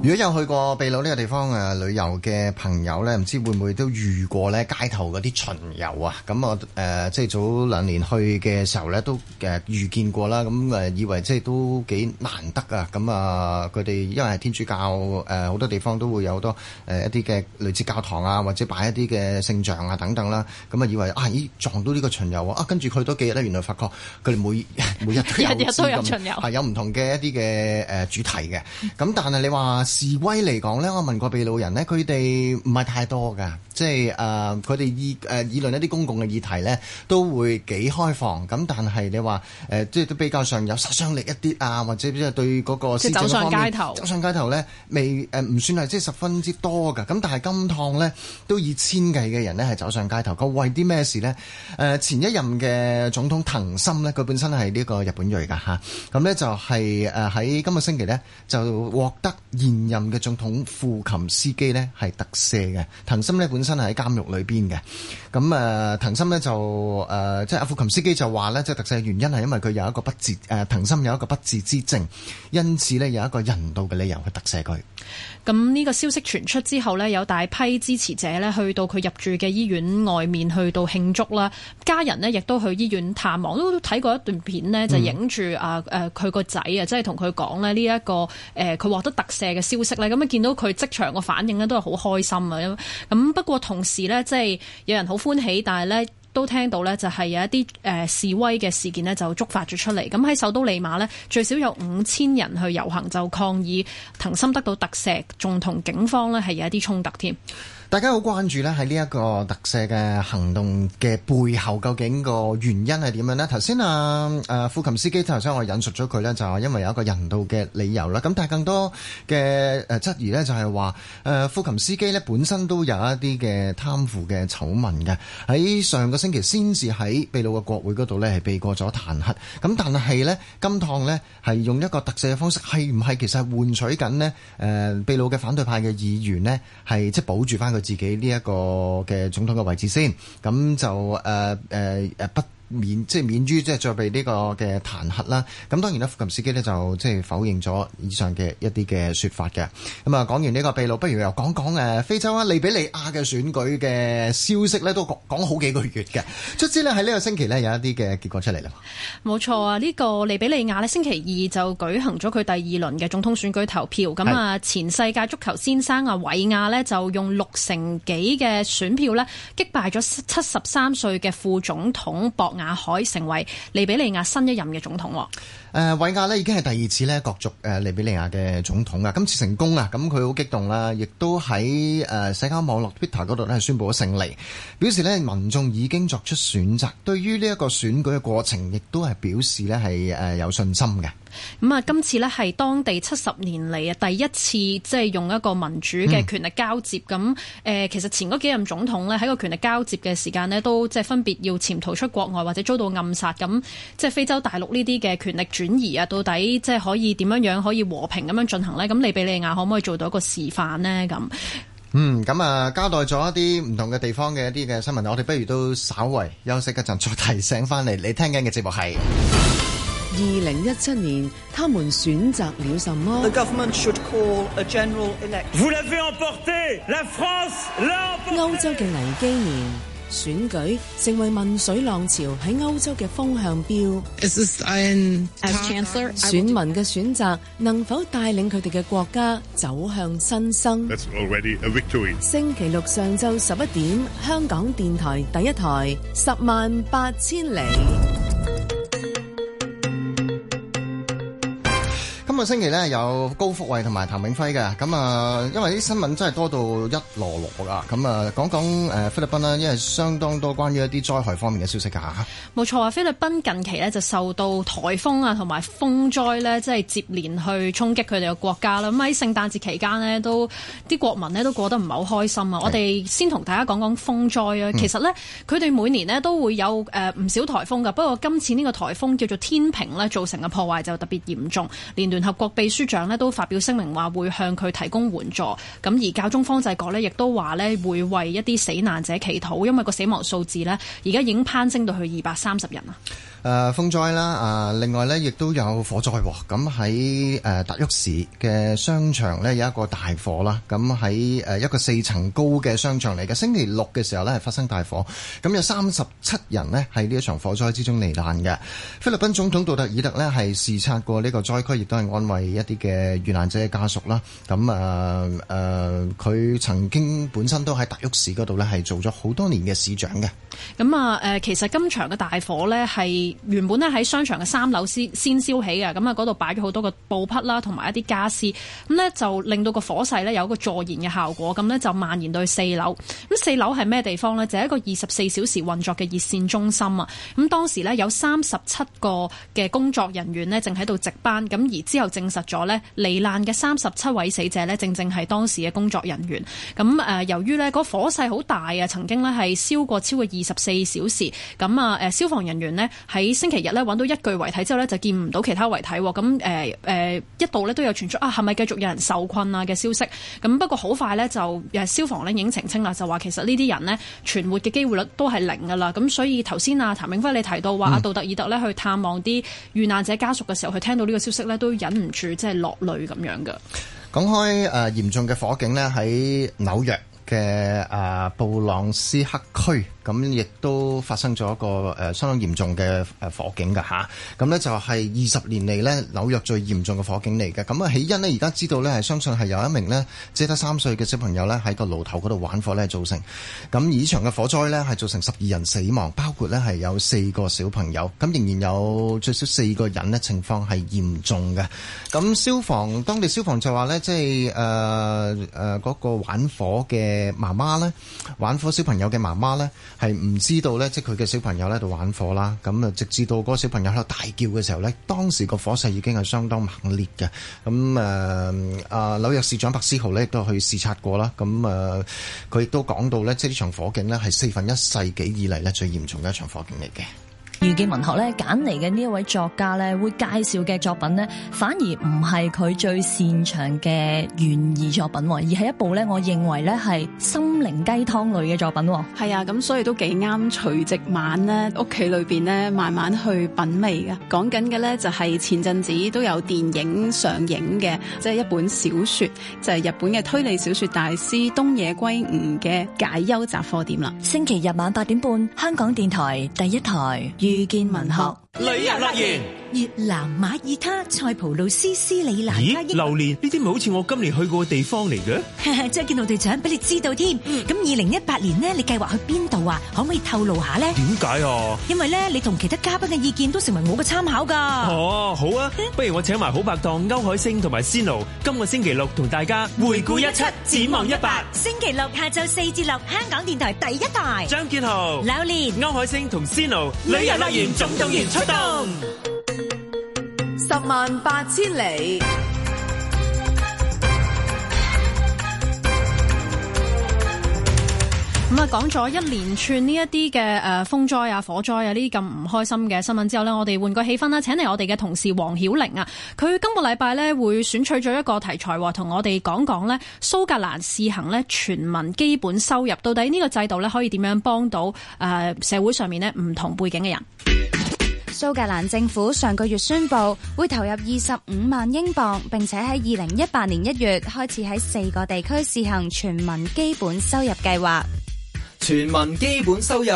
如果有去過秘魯呢個地方誒旅遊嘅朋友咧，唔知會唔會都遇過咧街頭嗰啲巡遊啊？咁我誒、呃、即係早兩年去嘅時候咧，都誒遇見過啦。咁誒以為即係都幾難得啊！咁啊，佢、呃、哋因為係天主教誒，好、呃、多地方都會有好多、呃、一啲嘅類似教堂啊，或者擺一啲嘅聖像啊等等啦。咁啊，以為啊咦撞到呢個巡遊啊！跟住去多幾日咧，原來發覺佢哋每每日都有，日日都有巡遊，係、啊、有唔同嘅一啲嘅誒主題嘅。咁但係你話？示威嚟講咧，我問過秘魯人呢，佢哋唔係太多噶，即係誒佢哋議誒議論一啲公共嘅議題呢，都會幾開放。咁但係你話誒、呃，即係都比較上有殺傷力一啲啊，或者即係對嗰個走上街頭，走上街頭呢，未誒唔、呃、算係即係十分之多噶。咁但係今趟呢，都以千計嘅人呢係走上街頭。佢為啲咩事呢？誒、呃、前一任嘅總統藤森呢，佢本身係呢個日本裔噶嚇。咁、啊、咧就係誒喺今個星期呢，就獲得現任嘅總統庫琴斯基咧係特赦嘅，藤森咧本身係喺監獄裏邊嘅。咁啊，藤森呢就誒、呃、即係阿富琴斯基就話咧，即係特赦嘅原因係因為佢有一個不治誒藤森有一個不治之症，因此咧有一個人道嘅理由去特赦佢。咁呢個消息傳出之後咧，有大批支持者咧去到佢入住嘅醫院外面去到慶祝啦，家人咧亦都去醫院探望，都睇過一段片咧，嗯、就影住啊誒佢個仔啊，呃、他即係同佢講咧呢一個誒佢獲得特赦嘅消息咧，咁啊見到佢即場個反應咧都係好開心啊咁。不過同時咧，即係有人好。歡喜，但係咧都聽到咧，就係有一啲誒示威嘅事件呢就觸發咗出嚟。咁喺首都利馬呢，最少有五千人去遊行，就抗議藤森得到特赦，仲同警方呢係有一啲衝突添。大家好關注呢喺呢一個特赦嘅行動嘅背後，究竟個原因係點樣呢？頭先啊，誒，富琴司機頭先我引述咗佢呢，就係因為有一個人道嘅理由啦。咁但係更多嘅誒質疑呢，就係話誒富琴司機呢本身都有一啲嘅貪腐嘅醜聞嘅。喺上個星期先至喺秘魯嘅國會嗰度呢，係避過咗彈劾。咁但係呢，今趟呢係用一個特赦嘅方式，係唔係其實係換取緊呢？誒，秘魯嘅反對派嘅議員呢，係即係保住翻佢，自己呢一個嘅總統嘅位置先，咁就誒誒誒。不。免即係免於即係再被呢個嘅彈劾啦。咁當然啦，福琴斯基呢就即係否認咗以上嘅一啲嘅說法嘅。咁啊，講完呢個秘魯，不如又講講非洲啊，利比里亞嘅選舉嘅消息呢。都講好幾個月嘅。卒之呢喺呢個星期呢，有一啲嘅結果出嚟啦。冇錯啊，呢、這個利比里亞呢，星期二就舉行咗佢第二輪嘅總統選舉投票。咁啊的，前世界足球先生啊，韋亞呢就用六成幾嘅選票呢擊敗咗七十三歲嘅副總統博。瓦海成為利比利亞新一任嘅總統。誒、呃，偉亞已經係第二次咧角逐誒利比利亞嘅總統啊，今次成功啊，咁佢好激動啦，亦都喺誒社交網絡 Twitter 嗰度係宣布咗勝利，表示民眾已經作出選擇，對於呢一個選舉嘅過程亦都係表示係誒有信心嘅。咁啊，今次咧係當地七十年嚟啊，第一次即係用一個民主嘅權力交接。咁誒、嗯，其實前嗰幾任總統咧喺個權力交接嘅時間咧，都即係分別要潛逃出國外或者遭到暗殺。咁即係非洲大陸呢啲嘅權力轉移啊，到底即係可以點樣樣可以和平咁樣進行呢？咁利比利亞可唔可以做到一個示範呢？咁嗯，咁啊，交代咗一啲唔同嘅地方嘅一啲嘅新聞，我哋不如都稍為休息一陣，再提醒翻嚟。你聽緊嘅節目係。二零一七年，他們選擇了什麼？歐洲嘅危機年選舉成為問水浪潮，喺歐洲嘅風向標。選民嘅選擇能否帶領佢哋嘅國家走向新生？星期六上晝十一點，香港電台第一台，十萬八千里。今個星期呢，有高福慧同埋譚永輝嘅，咁啊，因為啲新聞真係多到一籮籮啊！咁啊，講講誒菲律賓啦，因為相當多關於一啲災害方面嘅消息噶吓。冇錯啊，菲律賓近期咧就受到台風啊同埋風災咧，即係接連去衝擊佢哋嘅國家啦。咁喺聖誕節期間咧，都啲國民咧都過得唔係好開心啊！的我哋先同大家講講風災啊，嗯、其實咧佢哋每年咧都會有誒唔少台風噶，不過今次呢個台風叫做天平咧，造成嘅破壞就特別嚴重，連。聯合國秘書長咧都發表聲明話會向佢提供援助，咁而教宗方濟各咧亦都話咧會為一啲死難者祈禱，因為個死亡數字咧而家已經攀升到去二百三十人啊。誒風災啦，啊，另外呢亦都有火災喎。咁喺誒達沃市嘅商場呢，有一個大火啦。咁喺誒一個四層高嘅商場嚟嘅。星期六嘅時候呢，係發生大火，咁有三十七人呢，喺呢一場火災之中罹難嘅。菲律賓總統杜特爾特呢，係視察過呢個災區，亦都係安慰一啲嘅遇難者嘅家屬啦。咁啊誒，佢、呃、曾經本身都喺達沃市嗰度呢，係做咗好多年嘅市長嘅。咁啊誒，其實今場嘅大火呢，係。原本咧，喺商場嘅三樓先先燒起嘅。咁啊嗰度擺咗好多個布匹啦，同埋一啲家私，咁呢就令到個火勢呢有一個助燃嘅效果，咁呢就蔓延到去四樓。咁四樓係咩地方呢？就係一個二十四小時運作嘅熱線中心啊！咁當時呢，有三十七個嘅工作人員呢正喺度值班，咁而之後證實咗呢，罹難嘅三十七位死者呢，正正係當時嘅工作人員。咁誒，由於呢個火勢好大啊，曾經呢係燒過超過二十四小時，咁啊誒，消防人員呢。係。星期日咧搵到一具遺體之後咧就見唔到其他遺體，咁誒誒一度咧都有傳出啊係咪繼續有人受困啊嘅消息，咁不過好快咧就誒消防咧已經澄清啦，就話其實呢啲人呢，存活嘅機會率都係零噶啦，咁所以頭先啊譚永輝你提到話阿杜特爾特咧去探望啲遇難者家屬嘅時候，佢聽到呢個消息咧都忍唔住即係落淚咁樣噶。講開誒嚴重嘅火警呢，喺紐約嘅啊布朗斯克區。咁亦都發生咗一個誒相當嚴重嘅誒火警㗎吓，咁呢就係二十年嚟呢，紐約最嚴重嘅火警嚟嘅。咁啊，起因呢，而家知道呢，係相信係有一名呢，即係得三歲嘅小朋友呢，喺個爐頭嗰度玩火呢，火造成。咁以呢場嘅火災呢，係造成十二人死亡，包括呢係有四個小朋友，咁仍然有最少四個人呢，情況係嚴重嘅。咁消防當地消防就話呢，即係誒誒嗰個玩火嘅媽媽呢，玩火小朋友嘅媽媽呢。係唔知道呢即係佢嘅小朋友呢喺度玩火啦，咁啊直至到嗰個小朋友喺度大叫嘅時候呢，當時個火勢已經係相當猛烈嘅，咁誒啊紐約市長白思豪呢都去視察過啦，咁啊，佢亦都講到呢，即係呢場火警呢係四分一世紀以嚟呢最嚴重嘅一場火警嚟嘅。遇見文學咧揀嚟嘅呢一位作家咧，會介紹嘅作品咧，反而唔係佢最擅長嘅懸疑作品，而係一部咧，我認為咧係心靈雞湯類嘅作品。係啊，咁所以都幾啱除夕晚咧屋企裏邊咧慢慢去品味嘅。講緊嘅咧就係前陣子都有電影上映嘅，即係一本小説，就係日本嘅推理小説大師東野圭吾嘅《解憂雜貨店》啦。星期日晚八點半，香港電台第一台。遇見文學，女人樂園。越南、馬爾他、塞浦路斯、斯里蘭卡、榴蓮，呢啲咪好似我今年去過嘅地方嚟嘅？張建豪隊長俾你知道添。咁二零一八年呢，你計劃去邊度啊？可唔可以透露下呢？點解啊？因為呢，你同其他嘉賓嘅意見都成為我嘅參考噶。哦，好啊，不如我請埋好拍檔歐海星同埋 Sino，今個星期六同大家回顧一七，展望一八。星期六下晝四至六，香港電台第一台。張建豪、榴蓮、歐海星同 Sino，旅遊樂園總動員出動。十萬八千里。咁啊，講咗一連串呢一啲嘅誒，風災啊、火災啊呢啲咁唔開心嘅新聞之後呢，我哋換個氣氛啦，請嚟我哋嘅同事黃曉玲啊，佢今個禮拜咧會選取咗一個題材，話同我哋講講呢蘇格蘭試行呢全民基本收入，到底呢個制度呢可以點樣幫到誒社會上面呢唔同背景嘅人？蘇格蘭政府上個月宣佈會投入二十五萬英鎊，並且喺二零一八年一月開始喺四個地區試行全民基本收入計劃。全民基本收入，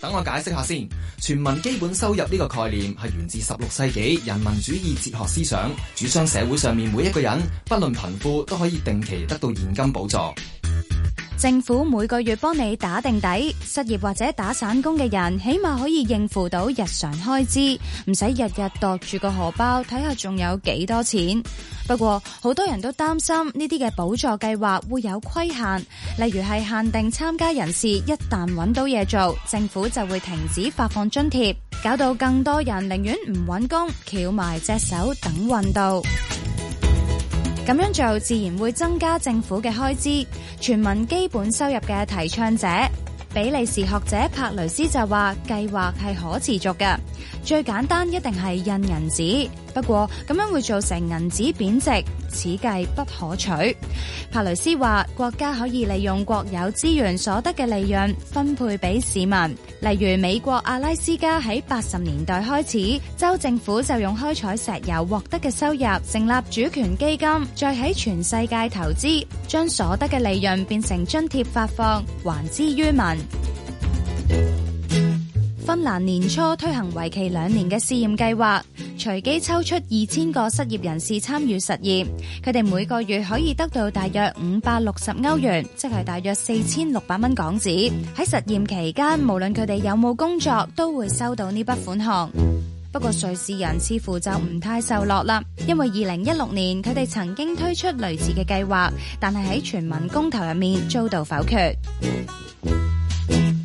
等我解釋下先。全民基本收入呢個概念係源自十六世紀人文主義哲學思想，主張社會上面每一個人不論貧富都可以定期得到現金補助。政府每個月幫你打定底，失業或者打散工嘅人起碼可以應付到日常開支，唔使日日度住個荷包睇下仲有幾多錢。不過好多人都擔心呢啲嘅補助計劃會有規限，例如係限定參加人士，一旦揾到嘢做，政府就會停止發放津貼，搞到更多人寧願唔揾工，翹埋隻手等運到。咁樣做自然會增加政府嘅開支，全民基本收入嘅提倡者。比利時學者帕雷斯就話：計劃係可持續嘅，最簡單一定係印銀紙，不過咁樣會造成銀紙貶值，此計不可取。帕雷斯話：國家可以利用國有資源所得嘅利潤分配俾市民，例如美國阿拉斯加喺八十年代開始，州政府就用開採石油獲得嘅收入成立主權基金，再喺全世界投資，將所得嘅利潤變成津貼發放，還之於民。芬蘭年初推行為期兩年嘅試驗計劃，隨機抽出二千個失業人士參與實驗，佢哋每個月可以得到大約五百六十歐元，即係大約四千六百蚊港紙。喺實驗期間，無論佢哋有冇工作，都會收到呢筆款項。不過瑞士人似乎就唔太受落啦，因為二零一六年佢哋曾經推出類似嘅計劃，但係喺全民公投入面遭到否決。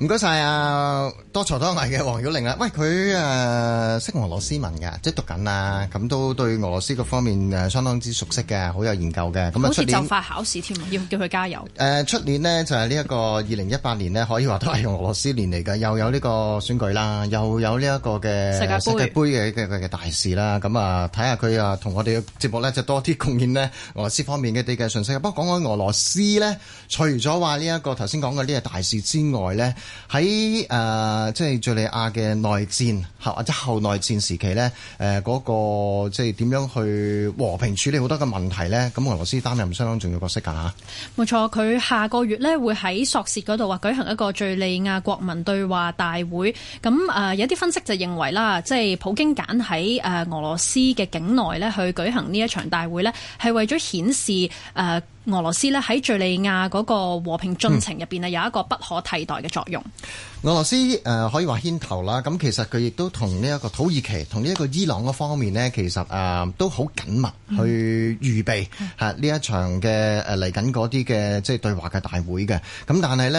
唔該晒啊，多才多藝嘅黃曉玲啊。喂，佢誒、呃、識俄羅斯文㗎，即係讀緊啊，咁都對俄羅斯嗰方面誒相當之熟悉嘅，好有研究嘅。咁出年就快考試添，要叫佢加油。誒、呃，出年呢，就係呢一個二零一八年呢，可以話都係用俄羅斯年嚟嘅，又有呢個選舉啦，又有呢一個嘅世界盃嘅嘅嘅大事啦。咁啊，睇下佢啊，同我哋嘅節目呢，就多啲貢獻呢俄羅斯方面嘅地嘅信息。不過講緊俄羅斯呢，除咗話呢一個頭先講嘅呢個大事之外呢。喺誒、呃，即係叙利亞嘅內戰，或者後內戰時期呢，誒、呃、嗰、那個即係點樣去和平處理好多嘅問題呢？咁俄羅斯擔任相當重要角色㗎嚇。冇、啊、錯，佢下個月呢會喺索契嗰度話舉行一個敍利亞國民對話大會。咁誒、呃、有啲分析就認為啦，即係普京揀喺、呃、俄羅斯嘅境內呢去舉行呢一場大會呢，係為咗顯示、呃俄羅斯咧喺敘利亞嗰個和平進程入邊呢有一個不可替代嘅作用、嗯。俄羅斯誒可以話牽頭啦，咁其實佢亦都同呢一個土耳其、同呢一個伊朗嗰方面呢，其實誒都好緊密去預備嚇呢一場嘅誒嚟緊嗰啲嘅即係對話嘅大會嘅。咁但係咧誒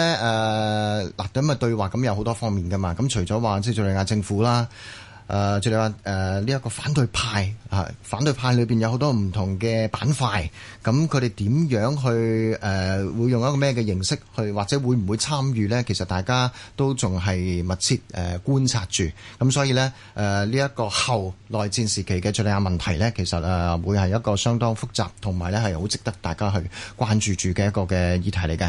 嗱，咁啊對話咁有好多方面噶嘛。咁除咗話敘敘利亞政府啦。誒，敘利亞誒呢一個反對派啊，反對派裏邊有好多唔同嘅板塊，咁佢哋點樣去誒、呃、會用一個咩嘅形式去，或者會唔會參與咧？其實大家都仲係密切誒、呃、觀察住，咁所以咧誒呢一、呃這個後內戰時期嘅敘利亞問題咧，其實誒、呃、會係一個相當複雜同埋咧係好值得大家去關注住嘅一個嘅議題嚟嘅。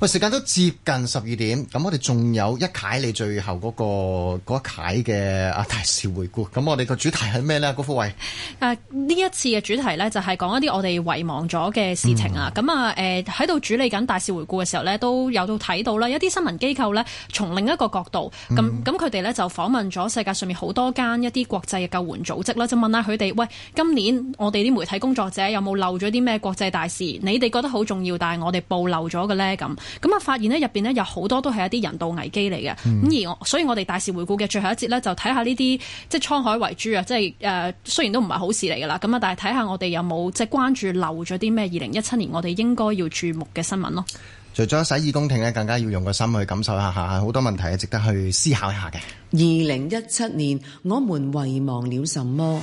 喂、呃，時間都接近十二點，咁我哋仲有一解你最後、嗰個嗰一解嘅阿大。啊回顧，咁我哋個主題係咩呢？郭富慧，啊、呢一次嘅主題呢，就係講一啲我哋遺忘咗嘅事情啊！咁啊誒喺度主理緊大事回顧嘅時候呢，都有到睇到啦，一啲新聞機構呢，從另一個角度咁佢哋呢，嗯、就訪問咗世界上面好多間一啲國際嘅救援組織啦，就問下佢哋：「喂，今年我哋啲媒體工作者有冇漏咗啲咩國際大事？你哋覺得好重要，但係我哋暴露咗嘅呢。」咁咁啊，發現呢入邊呢，有好多都係一啲人道危機嚟嘅。咁而、嗯、所以我哋大事回顧嘅最後一節呢，就睇下呢啲。即係滄海遺珠啊！即係誒、呃，雖然都唔係好事嚟㗎啦。咁啊，但係睇下我哋有冇即係關注漏咗啲咩？二零一七年我哋應該要注目嘅新聞咯。除咗洗耳恭聽咧，更加要用個心去感受一下下，好多問題係，值得去思考一下嘅。二零一七年，我們遺忘了什麼？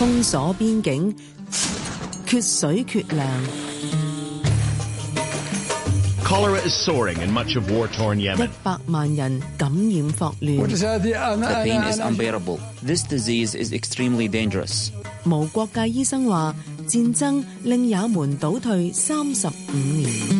封鎖邊境，缺水缺糧。Cholera is soaring in much of war-torn Yemen. 一百萬人感染霍亂，The pain is unbearable。This disease is extremely dangerous。無國界醫生話，戰爭令也門倒退三十五年。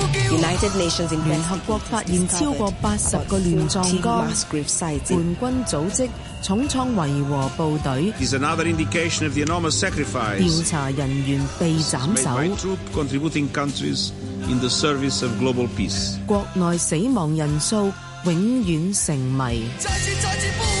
聯合國發現超過八十個亂葬崗，叛軍組織重創維和部隊，調查人員被斬首，國內死亡人數永遠成謎。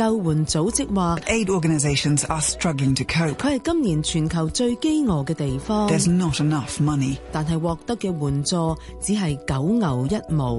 救援組織話，佢係今年全球最飢餓嘅地方。There's not enough money. 但係獲得嘅援助只係九牛一毛。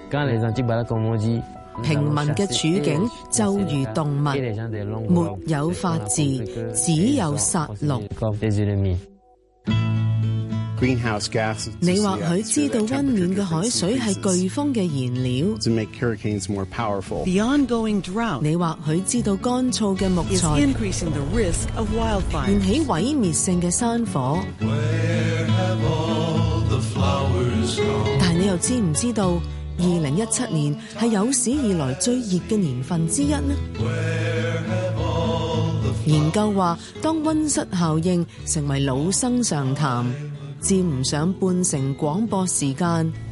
平民嘅處境就如動物，沒有法治，只有殺戮。你或許知道温暖嘅海水係颶風嘅燃料，你或許知道乾燥嘅木材燃起毀滅性嘅山火。但你又知唔知道？ *noise* 二零一七年係有史以來最熱嘅年份之一呢。研究話，當温室效應成為老生常談，佔唔上半成廣播時間。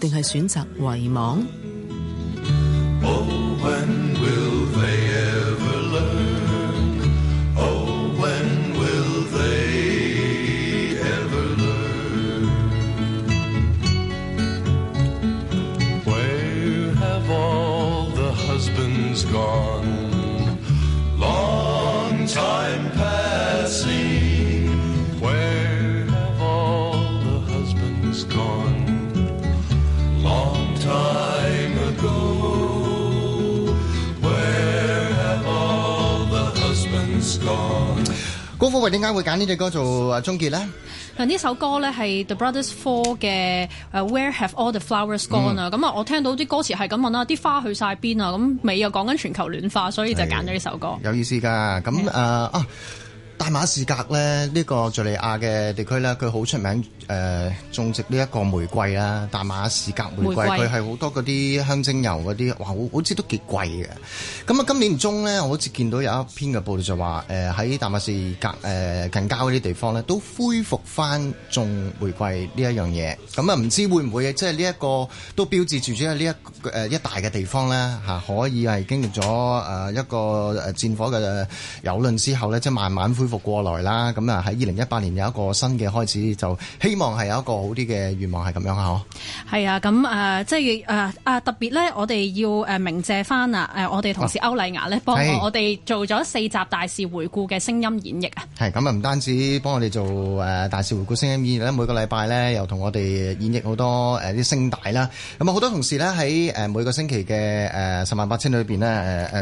定係選擇遺忘。高科為點解會揀呢隻歌做啊終結咧？呢首歌咧係 The Brothers Four 嘅誒 Where Have All the Flowers Gone 啊？咁啊我聽到啲歌詞係咁問啦，啲花去晒邊啊？咁尾又講緊全球暖化，所以就揀咗呢首歌。有意思噶，咁誒的、uh, 啊。大馬士革咧，呢、這個敘利亞嘅地區咧，佢好出名誒、呃、種植呢一個玫瑰啦，大馬士革玫瑰佢係好多啲香精油啲，哇，好好似都幾貴嘅。咁、嗯、啊，今年中咧，我好似見到有一篇嘅報道就話誒喺大馬士革誒、呃、近郊啲地方咧，都恢復返種玫瑰呢、嗯、這個、一樣嘢。咁、呃、啊，唔知會唔會即係呢一個都標誌住即係呢一誒一帶嘅地方咧吓可以係經歷咗誒一個誒戰火嘅蹂躪之後咧，即係慢慢恢。恢復過來啦，咁啊，喺二零一八年有一個新嘅開始，就希望係有一個好啲嘅願望是這樣，係咁樣啊？嗬，係、呃呃呃、啊，咁誒，即係誒特別咧，我哋要誒明謝翻啊，誒，我哋同事歐麗雅咧，幫我哋做咗四集大事回顧嘅聲音演繹啊，係咁啊，唔單止幫我哋做誒、呃、大事回顧聲音演繹咧，每個禮拜咧又同我哋演繹好多誒啲聲帶啦，咁啊好多同事咧喺誒每個星期嘅誒、呃呃、十萬八千里邊咧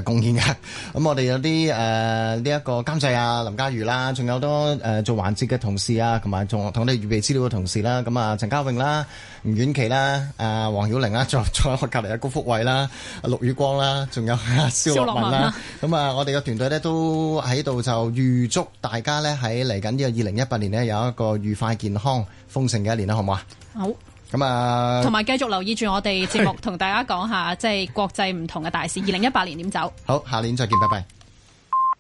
誒誒貢獻嘅，咁、呃呃、我哋有啲誒呢一個監製啊林嘉。如啦，仲有多誒做環節嘅同事啊，同埋同同啲預備資料嘅同事啦，咁啊，陳嘉穎啦，吳婉琪啦，啊，黃曉玲啦，仲仲有我隔離嘅高福慧啦，陸雨光啦，仲有肖樂敏啦，咁啊，我哋嘅團隊咧都喺度就預祝大家咧喺嚟緊呢個二零一八年咧有一個愉快健康豐盛嘅一年啦，好唔好啊？好。咁啊，同埋繼續留意住我哋節目，同大家講下即係國際唔同嘅大事，二零一八年點走？好，下年再見，拜拜。